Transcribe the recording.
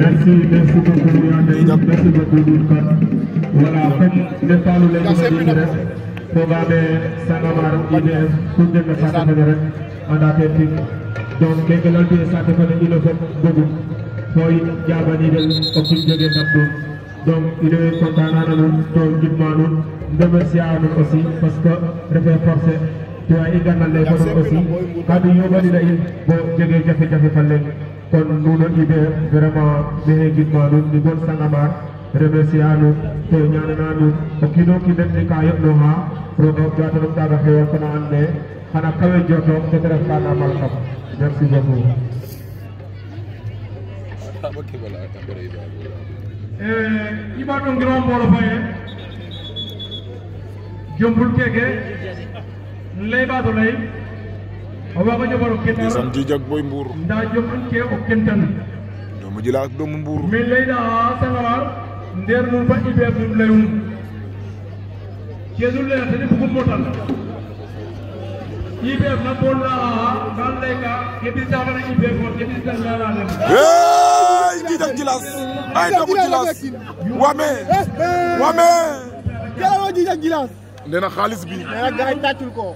merci merci beaucoup Yandé merci beaucoup kon voilà comme defalu leen ko rek fogaɓe Sangomar ine kurdenne sate fene rek anda ten tig donc keke laltu e sate fene ino fof bogum foy jaɓaniɗen okin jogue gam ɗum donc ine contanana nuun to jibma nuun remercia nuun aussi par ce que refe forcé to a i garnal le fo nuun aussi kadu yoɓaniɗa in bo jogue jafe jafe fa leng konduɗon iɓe vraiment ɓe heginma ɗum ɗi gon sangabar remercier ɗum to ñanana ɗum o kino kinenni ka yoɓno ha roga jatanom taga hewon kono anne xana kawe joto tete ref kana mal kam merci beaucoup iɓaɗo ngiro mbolo faye jombul keke leyɓato ley di sant jijak boy mbour doomu jila ak doomu mbour min layda sangaral nder nu ba ibe bu layum kedul le tani bu motal ibe na bolla dal le ka kedi sabana ibe ko kedi sallala le hey jijak jilas ay doomu jilas wame eh, eh. wame jela jijak jilas neena xaliss bi neena gaay tatul ko